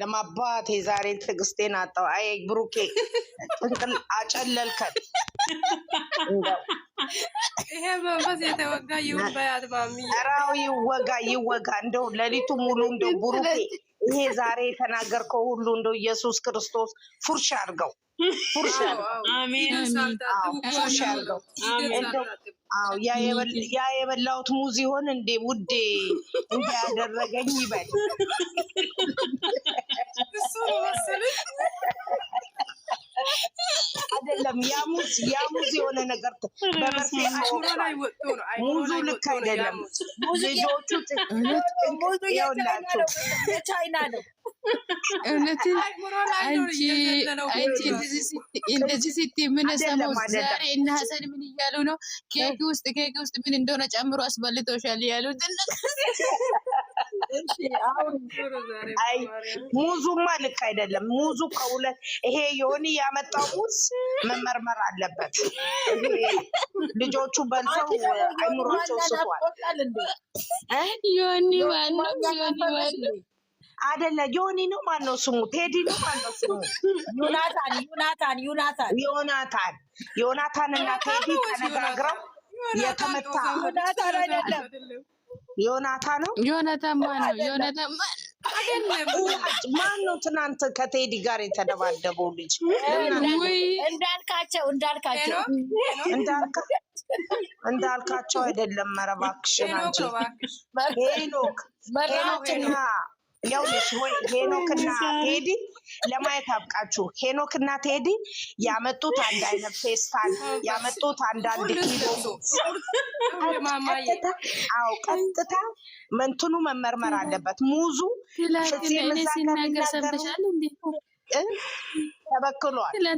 ለማባት የዛሬን ትዕግስቴን አጣው። አይ ብሩኬ ጥንቅል አጨለልከን። ይሄ መንፈስ የተወጋ ይሁንበት ማሚ። ኧረ ይወጋ ይወጋ። እንደው ሌሊቱ ሙሉ እንደው ብሩኬ ይሄ ዛሬ የተናገርከው ሁሉ እንደው ኢየሱስ ክርስቶስ ፉርሽ አድርገው ፉርሽ አድርገው። ያ የበላሁት ሙዝ ይሆን እንዴ ውዴ እንዲያደረገኝ ይበል ያ ሙዝ የሆነ ነገር ሙዙ ልክ አይደለም። ልጆቹ የቻይና ነው። እውነትን አንቺ እንደዚህ ስትይ ምን ሰማሁ ዛሬ? እነ ሀሰን ምን እያሉ ነው? ኬክ ውስጥ ኬክ ውስጥ ምን እንደሆነ ጨምሮ አስበልቶሻል ያሉት ሙዙማ ልክ አይደለም። ሙዙ ከሁለት ይሄ የሆነ ያመጣው ሙዝ መመርመር አለበት። ልጆቹ በልተው አይምሯቸው ስቷል። ዮኒ ማነው? አደለ ዮኒ ነው። ማን ስሙ? ቴዲ ነው። ማን ነው ስሙ? ዮናታን ዮናታን ዮናታን ዮናታን ዮናታን እና ቴዲ ተነጋግረው የተመታ ዮናታን አይደለም ዮናታ ነው። ማን ነው? ማን ነው? ትናንት ከቴዲ ጋር የተደባደበው ልጅ እንዳልካቸው እንዳልካቸው እንዳልካቸው አይደለም። ኧረ እባክሽን አንቺ ሄኖክ ሄኖክና ያው ሄኖክና ቴዲ ለማየት አብቃችሁ። ሄኖክ እና ቴዲ ያመጡት አንድ አይነት ፌስታል ያመጡት አንዳንድ ኪሎ አዎ፣ ቀጥታ መንትኑ መመርመር አለበት። ሙዙ ተበክሏል፣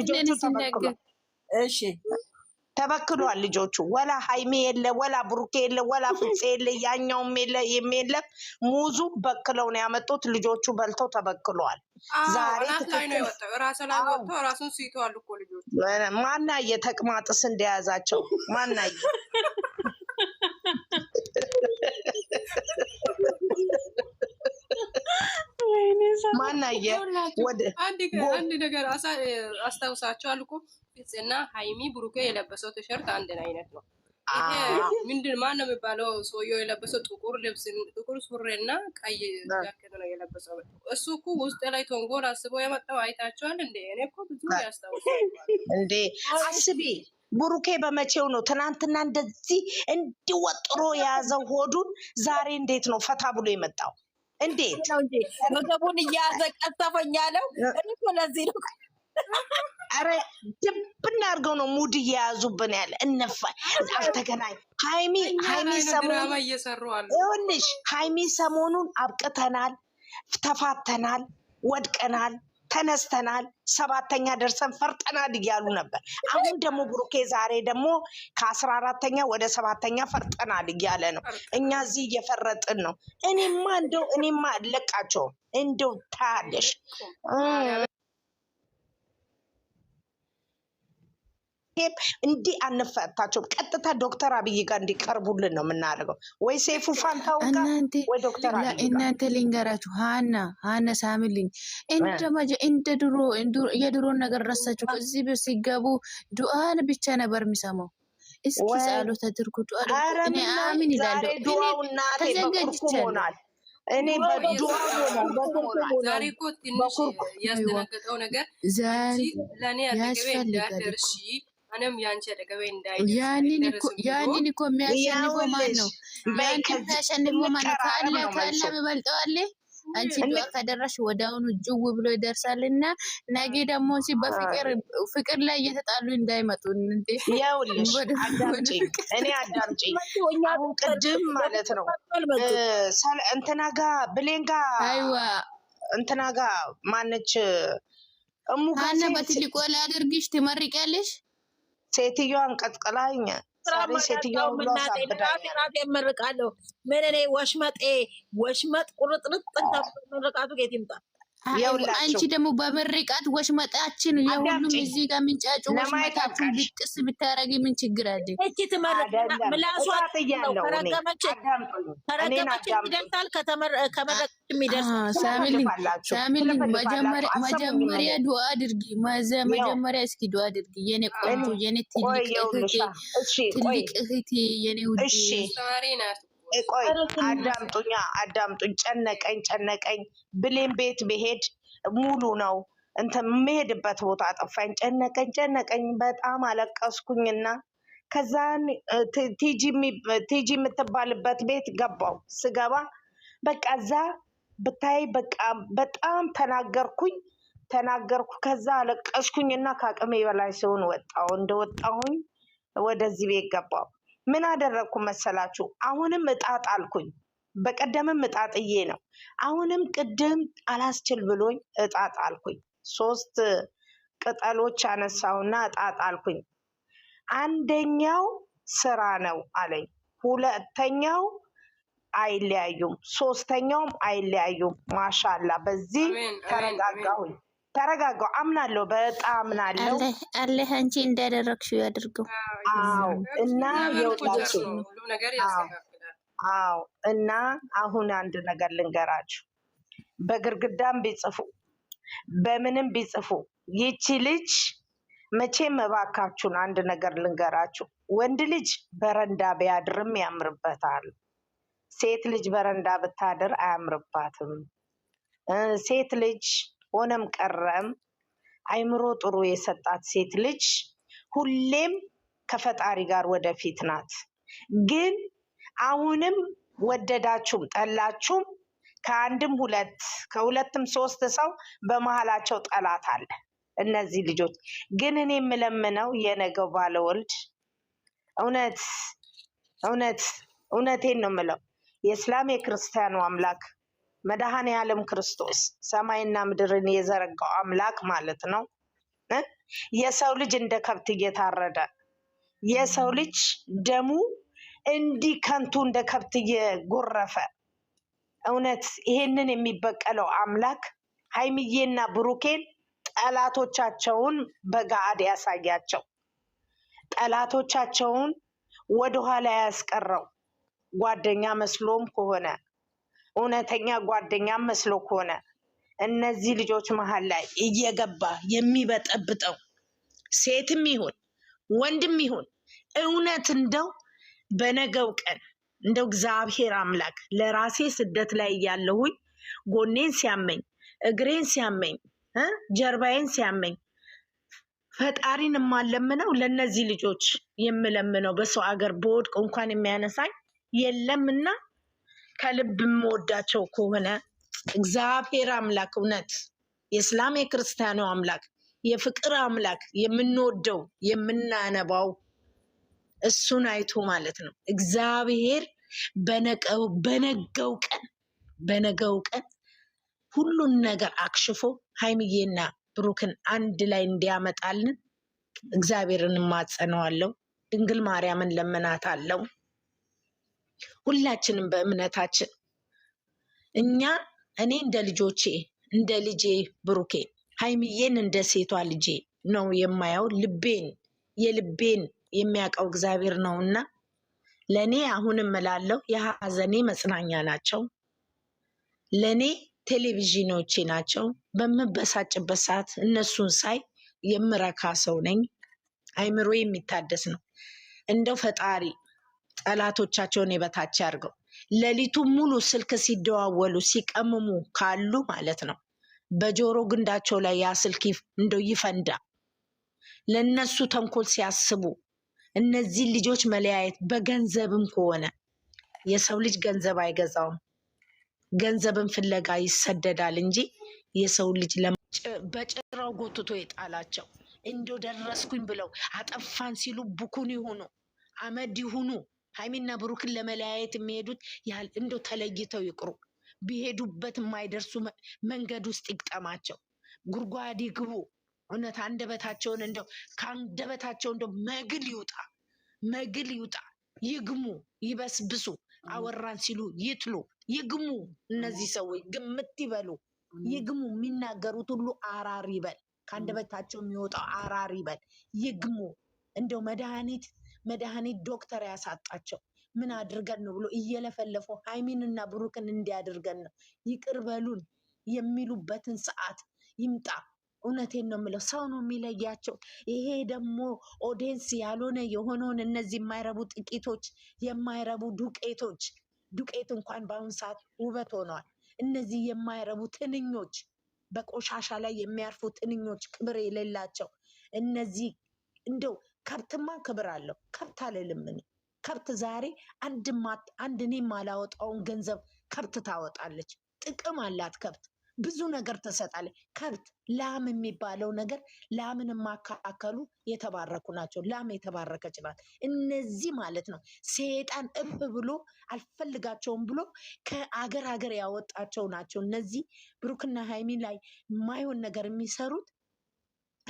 ልጆቹ ተበክሏል። እሺ ተበክሏል። ልጆቹ ወላ ሀይሜ የለ ወላ ብሩኬ የለ ወላ ፍፄ የለ ያኛውም የለ የለ ሙዙ በክለው ነው ያመጡት። ልጆቹ በልተው ተበክሏል። ዛሬ ማናየ ተቅማጥስ እንደያዛቸው ማናየ ማናየ ወደ አንድ ነገር አስታውሳቸዋል እኮ ፊትስ እና ሀይሚ ብሩኬ የለበሰው ቲሸርት አንድን አይነት ነው። ምንድን ማን ነው የሚባለው? ሰውየው የለበሰው ጥቁር ልብስ ጥቁር እና ቀይ ጃኬት ነው የለበሰው። እሱ እኮ ውስጥ ላይ ቶንጎል አስቦ የመጣው አይታችኋል እንዴ? እኔ እኮ ብዙ ያስታውሳል እንዴ አስቢ ብሩኬ በመቼው ነው ትናንትና እንደዚህ እንዲወጥሮ የያዘው ሆዱን ዛሬ እንዴት ነው ፈታ ብሎ የመጣው? እንዴት ምግቡን እያያዘ ቀሰፈኝ እኮ ለዚህ ነው አረ ድብና አድርገው ነው ሙድ እየያዙብን ያለ እነፋ አልተገናኝ ሀይሚ ሀይሚ ሰሞኑን ይኸውልሽ ሀይሚ ሰሞኑን አብቅተናል፣ ተፋተናል፣ ወድቀናል፣ ተነስተናል፣ ሰባተኛ ደርሰን ፈርጠናል እያሉ ነበር። አሁን ደግሞ ብሩኬ ዛሬ ደግሞ ከአስራ አራተኛ ወደ ሰባተኛ ፈርጠናል እያለ ነው። እኛ እዚህ እየፈረጥን ነው። እኔማ እንደው እኔማ ለቃቸውም እንደው ታያለሽ ቴፕ እንዲህ አንፈታቸውም። ቀጥታ ዶክተር አብይ ጋር እንዲቀርቡልን ነው የምናደርገው። ወይ ሴፉ ፋንታውን ጋር ወይ ዶክተር አብይ እናንተ ልንገራችሁ፣ ሀና ሀና ሳምልኝ፣ እንደ ድሮ የድሮን ነገር ረሳችሁ። እዚህ ሲገቡ ዱአን ብቻ ነበር የሚሰማው። እስኪ ጸሎት አድርጉ፣ ዱአ አምን ይላሉ። እኔ ዛሬ እኮ ትንሽ ያስደነገጠው ነገር ለእኔ አጠገቤ ያንን እኮ የሚያሸንፈው ማን ነው? የሚያሸንፈው ማን ነው? ከአላ ከአላ የሚበልጠው አንቺ ዱዓ ከደረሽ ወዲያውኑ ጅው ብሎ ይደርሳል። እና ነገ ደግሞ ሲ በፍቅር ፍቅር ላይ እየተጣሉ እንዳይመጡ እንዴ። ያውልሽ፣ አዳምጪ፣ እኔ አዳምጪ። አሁን ቅድም ማለት ነው እንትና ጋ ብሌን ጋ አይዋ እንትና ጋ ማነች እሙ ጋ በትልቆ አድርግሽ ትመርቂያለሽ ሴትዮዋን ቀጥቅላኝ ሴትዮዋንራሴ መርቃለሁ። ምን እኔ ወሽመጤ ወሽመጥ ቁርጥርጥ ጠንታ መርቃቱ ጌት ይምጣል አንቺ ደግሞ በምርቃት ወሽመጣችን የሁሉም እዚህ ጋር ምንጫጩ ወሽመጣችን ብቅስ ብታረጊ ምን ችግር አለ? እቺ ትመርቅምላሷት መጀመሪያ አድርጊ፣ መጀመሪያ እስኪ አድርጊ። የኔ ቆንጆ፣ የኔ ትልቅ እህቴ፣ የኔ ውድ ቆይ አዳምጡኛ አዳምጡኝ። ጨነቀኝ ጨነቀኝ ብሌን ቤት ብሄድ ሙሉ ነው እንትን የምሄድበት ቦታ አጠፋኝ። ጨነቀኝ ጨነቀኝ በጣም አለቀስኩኝና ከዛን ቲጂ የምትባልበት ቤት ገባው። ስገባ በቃ እዛ ብታይ በቃ በጣም ተናገርኩኝ ተናገርኩ። ከዛ አለቀስኩኝና ከአቅሜ በላይ ሲሆን ወጣው እንደወጣሁኝ ወደዚህ ቤት ገባው። ምን አደረግኩ መሰላችሁ? አሁንም እጣ አልኩኝ በቀደምም እጣጥዬ ነው። አሁንም ቅድም አላስችል ብሎኝ እጣጥ አልኩኝ። ሶስት ቅጠሎች አነሳውና እጣጥ አልኩኝ። አንደኛው ስራ ነው አለኝ። ሁለተኛው አይለያዩም፣ ሶስተኛውም አይለያዩም። ማሻላ በዚህ ተረጋጋሁኝ። ተረጋጋው። አምናለሁ፣ በጣም አምናለሁ። አለ አንቺ እንዳደረግሽው ያድርገው። አዎ። እና የውላችሁ አዎ። እና አሁን አንድ ነገር ልንገራችሁ፣ በግርግዳም ቢጽፉ በምንም ቢጽፉ ይቺ ልጅ መቼም እባካችሁን አንድ ነገር ልንገራችሁ፣ ወንድ ልጅ በረንዳ ቢያድርም ያምርበታል። ሴት ልጅ በረንዳ ብታድር አያምርባትም። ሴት ልጅ ሆነም ቀረም አይምሮ ጥሩ የሰጣት ሴት ልጅ ሁሌም ከፈጣሪ ጋር ወደፊት ናት። ግን አሁንም ወደዳችሁም ጠላችሁም ከአንድም ሁለት ከሁለትም ሶስት ሰው በመሀላቸው ጠላት አለ። እነዚህ ልጆች ግን እኔ የምለምነው የነገው ባለወልድ እውነት እውነት እውነቴን ነው የምለው የእስላም የክርስቲያኑ አምላክ መድኃኔ ዓለም ክርስቶስ ሰማይና ምድርን የዘረጋው አምላክ ማለት ነው። የሰው ልጅ እንደ ከብት እየታረደ የሰው ልጅ ደሙ እንዲህ ከንቱ እንደ ከብት እየጎረፈ እውነት ይሄንን የሚበቀለው አምላክ ሀይምዬና ብሩኬን ጠላቶቻቸውን በጋአድ ያሳያቸው፣ ጠላቶቻቸውን ወደኋላ ያስቀረው ጓደኛ መስሎም ከሆነ እውነተኛ ጓደኛ መስሎ ከሆነ እነዚህ ልጆች መሀል ላይ እየገባ የሚበጠብጠው ሴትም ይሁን ወንድም ይሁን እውነት እንደው በነገው ቀን እንደው እግዚአብሔር አምላክ ለራሴ ስደት ላይ እያለሁኝ ጎኔን ሲያመኝ፣ እግሬን ሲያመኝ፣ ጀርባዬን ሲያመኝ ፈጣሪን የማለምነው ለእነዚህ ልጆች የምለምነው በሰው አገር በወድቅ እንኳን የሚያነሳኝ የለምና ከልብ የምወዳቸው ከሆነ እግዚአብሔር አምላክ እውነት የእስላም የክርስቲያኑ አምላክ የፍቅር አምላክ የምንወደው የምናነባው እሱን አይቶ ማለት ነው። እግዚአብሔር በነገው ቀን በነገው ቀን ሁሉን ነገር አክሽፎ ሀይምዬና ብሩክን አንድ ላይ እንዲያመጣልን እግዚአብሔርን እማጸነዋለሁ። ድንግል ማርያምን ለመናት አለው። ሁላችንም በእምነታችን እኛ እኔ እንደ ልጆቼ እንደ ልጄ ብሩኬ ሀይምዬን እንደ ሴቷ ልጄ ነው የማየው። ልቤን የልቤን የሚያውቀው እግዚአብሔር ነው እና ለእኔ አሁንም እላለሁ የሀዘኔ መጽናኛ ናቸው። ለእኔ ቴሌቪዥኖቼ ናቸው። በምበሳጭበት ሰዓት እነሱን ሳይ የምረካ ሰው ነኝ። አይምሮ የሚታደስ ነው። እንደው ፈጣሪ ጠላቶቻቸውን የበታች አድርገው ሌሊቱን ሙሉ ስልክ ሲደዋወሉ ሲቀምሙ ካሉ ማለት ነው በጆሮ ግንዳቸው ላይ ያ ስልክ እንደው ይፈንዳ። ለነሱ ተንኮል ሲያስቡ እነዚህ ልጆች መለያየት በገንዘብም ከሆነ የሰው ልጅ ገንዘብ አይገዛውም። ገንዘብን ፍለጋ ይሰደዳል እንጂ የሰው ልጅ በጭራው ጎትቶ የጣላቸው እንደው ደረስኩኝ ብለው አጠፋን ሲሉ ቡኩን ይሁኑ አመድ ይሁኑ ሀይሚና ብሩክን ለመለያየት የሚሄዱት ያህል እንዶ ተለይተው ይቅሩ። ቢሄዱበት የማይደርሱ መንገድ ውስጥ ይግጠማቸው፣ ጉርጓድ ይግቡ። እውነት አንደበታቸውን እንደው ከአንደበታቸው እንደው መግል ይውጣ፣ መግል ይውጣ። ይግሙ፣ ይበስብሱ። አወራን ሲሉ ይትሉ፣ ይግሙ። እነዚህ ሰዎች ግምት ይበሉ፣ ይግሙ። የሚናገሩት ሁሉ አራር ይበል፣ ከአንደበታቸው የሚወጣው አራር ይበል፣ ይግሙ። እንደው መድኃኒት መድኃኒት ዶክተር ያሳጣቸው ምን አድርገን ነው ብሎ እየለፈለፈው እና ብሩክን እንዲያድርገን ነው። ይቅር በሉን የሚሉበትን ሰዓት ይምጣ። እውነቴን ነው የምለው። ሰው ነው የሚለያቸው። ይሄ ደግሞ ኦዲየንስ ያልሆነ የሆነውን እነዚህ የማይረቡ ጥቂቶች፣ የማይረቡ ዱቄቶች፣ ዱቄት እንኳን በአሁኑ ሰዓት ውበት ሆነዋል። እነዚህ የማይረቡ ትንኞች፣ በቆሻሻ ላይ የሚያርፉ ትንኞች፣ ክብር የሌላቸው እነዚህ እንደው ከብትማ ክብር አለው። ከብት አልልም እኔ ከብት ዛሬ አንድ እኔ ማላወጣውን ገንዘብ ከብት ታወጣለች። ጥቅም አላት ከብት ብዙ ነገር ትሰጣለች። ከብት ላም የሚባለው ነገር ላምን የማካከሉ የተባረኩ ናቸው። ላም የተባረከች ናት። እነዚህ ማለት ነው ሴጣን እብ ብሎ አልፈልጋቸውም ብሎ ከአገር ሀገር ያወጣቸው ናቸው። እነዚህ ብሩክና ሃይሚ ላይ የማይሆን ነገር የሚሰሩት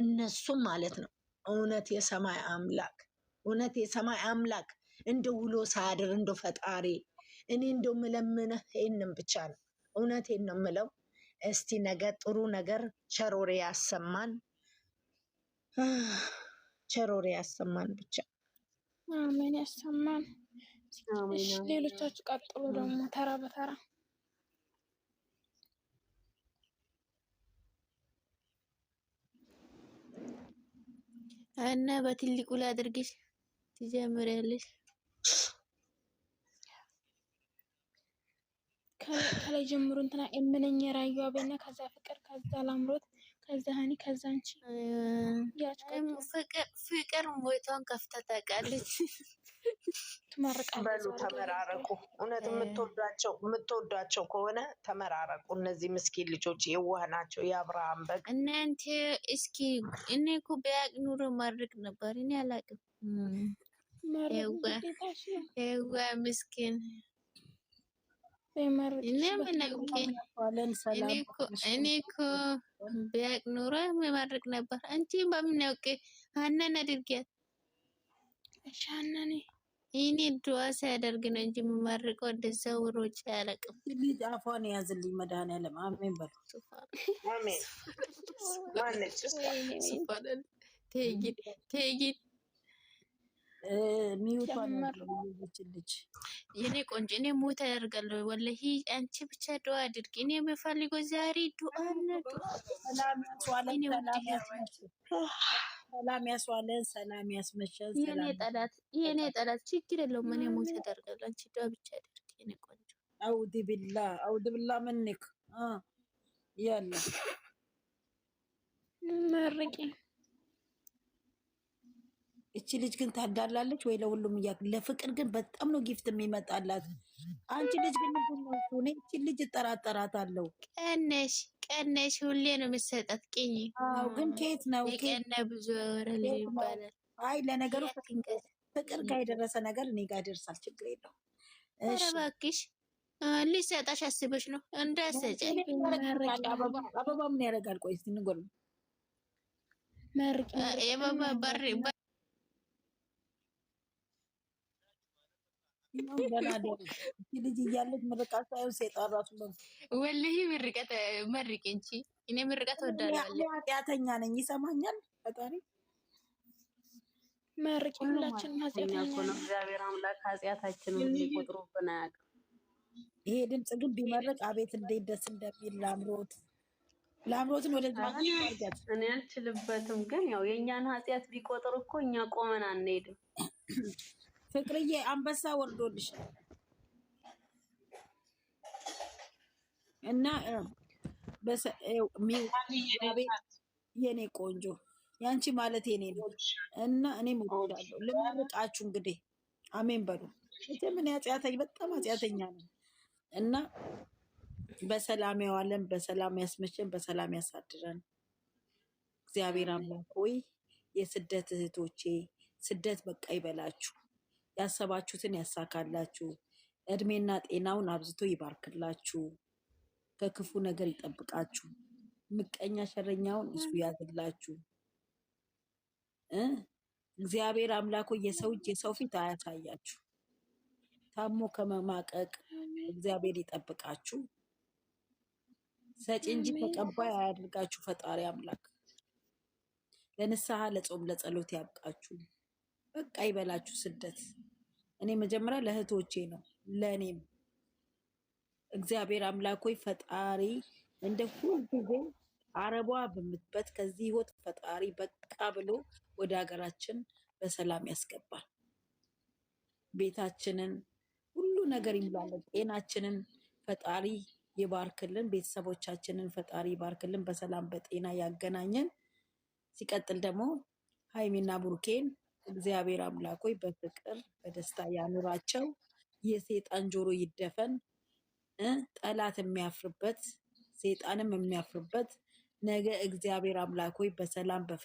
እነሱም ማለት ነው እውነት የሰማይ አምላክ እውነት የሰማይ አምላክ እንደ ውሎ ሳያድር እንደ ፈጣሪ እኔ እንደ ምለምንህ ይህንም ብቻ ነው። እውነቴን ነው ምለው። እስቲ ነገ ጥሩ ነገር ቸሮሬ ያሰማን፣ ቸሮሬ ያሰማን ብቻ አሜን። ያሰማን። ሌሎቻችሁ ቀጥሉ ደግሞ ተራ በተራ እና በትልቁ ላድርግሽ ትጀምሪያለሽ። ከላይ ጀምሮ እንትና እምነኝ የራዩ አበና ከዛ ፍቅር ከዛ ላምሮት ከዛ ሀኒ ከዛ አንቺ ፍቅር ሞይቷን ከፍታ ታውቃለች። በሉ ተመራረቁ። እውነት የምትወዷቸው የምትወዷቸው ከሆነ ተመራረቁ። እነዚህ ምስኪን ልጆች የዋህ ናቸው። የአብርሃም በግ እናንተ። እስኪ እኔ እኮ ቢያቅ ኑሮ ማድረግ ነበር። እኔ አላቅም። የዋ ምስኪን እኔ እኮ ቢያቅ ኑሮ የማድረግ ነበር። አንቺ በምን ያውቅ? ሀናን አድርጊያት። እሺ እኔ ድዋ ሲያደርግ ነው እንጂ የምመርቀው እንደዛ ውሮጭ አያለቅም። አፏን የያዝልኝ መድኃኒዓለም አሜን በሉ። ቴጊ ቴጊ ልጅ የኔ ቆንጆ እኔ ሞት ያደርጋለሁ። ወላሂ አንቺ ብቻ ዱአ አድርጊ። እኔ የምፈልገው ዛሬ ሰላም ያስዋለን፣ ሰላም ያስመሻል። የኔ ጠላት የኔ ጠላት ችግር የለውም። እኔ ሞት ያደርጋለሁ። አንቺ ዱአ ብቻ አድርጊ የኔ ቆንጆ። አውድ ቢላ አውድ ቢላ ምንክ ያለ መርቂ እቺ ልጅ ግን ታዳላለች ወይ? ለሁሉም እያ ለፍቅር ግን በጣም ነው ጊፍት የሚመጣላት። አንቺ ልጅ ግን ሆነ እቺ ልጅ እጠራጠራት አለው። ቀነሽ ቀነሽ ሁሌ ነው የምትሰጣት ቅኝ። አዎ ግን ኬት ነው ቀነ ብዙ ወረል ይባላል። አይ ለነገሩ ፍቅር ጋር የደረሰ ነገር እኔ ጋር ደርሳል። ችግር የለው። ኧረ እባክሽ ሊሰጣሽ አስበሽ ነው እንዳሰጨ አበባ ምን ያደርጋል? ቆይ ንጎል የበባ በሬ ልጅ እያለች ምርቃት ሳይሆን ሴጣን ራሱ ወላሂ ምርቀት መርቄ እንጂ እኔ ምርቀት ወዳለሁ። ኃጢአተኛ ነኝ፣ ይሰማኛል ፈጣሪ መርቅ። ሁላችንም ኃጢአተኛ እግዚአብሔር አምላክ ኃጢአታችንን ሊቆጥሩብን አያውቅም። ይሄ ድምፅ ግን ቢመርቅ አቤት እንዴት ደስ እንደሚል ላምሮት ላምሮትን ወደ እኔ አልችልበትም። ግን ያው የእኛን ኃጢአት ቢቆጥር እኮ እኛ ቆመን አንሄድም። ፍቅርዬ አንበሳ ወርዶልሻል እና የኔ ቆንጆ ያንቺ ማለት የኔ ነው እና እኔም ምወዳለሁ። ልመርጣችሁ እንግዲህ አሜን በሉ። ምን ያጽያተኝ በጣም አጽያተኛ ነው እና በሰላም ያዋለን፣ በሰላም ያስመቸን በሰላም ያሳድረን እግዚአብሔር አምላክ ሆይ የስደት እህቶቼ ስደት በቃ ይበላችሁ። ያሰባችሁትን ያሳካላችሁ። እድሜና ጤናውን አብዝቶ ይባርክላችሁ። ከክፉ ነገር ይጠብቃችሁ። ምቀኛ ሸረኛውን እሱ ያዝላችሁ። እግዚአብሔር አምላኮ የሰው እጅ የሰው ፊት አያሳያችሁ። ታሞ ከመማቀቅ እግዚአብሔር ይጠብቃችሁ። ሰጪ እንጂ ተቀባይ አያድርጋችሁ። ፈጣሪ አምላክ ለንስሐ ለጾም ለጸሎት ያብቃችሁ። በቃ ይበላችሁ ስደት እኔ መጀመሪያ ለእህቶቼ ነው ለእኔም እግዚአብሔር አምላክ ፈጣሪ እንደ ሁልጊዜ አረቧ በምትበት ከዚህ ህይወት ፈጣሪ በቃ ብሎ ወደ ሀገራችን በሰላም ያስገባል። ቤታችንን ሁሉ ነገር ይምላለን። ጤናችንን ፈጣሪ ይባርክልን። ቤተሰቦቻችንን ፈጣሪ ይባርክልን። በሰላም በጤና ያገናኘን። ሲቀጥል ደግሞ ሀይሚና ቡርኬን እግዚአብሔር አምላክ ሆይ በፍቅር በደስታ ያኑራቸው። የሴጣን ጆሮ ይደፈን። ጠላት የሚያፍርበት ሴጣንም የሚያፍርበት ነገ እግዚአብሔር አምላክ ሆይ በሰላም በፍቅር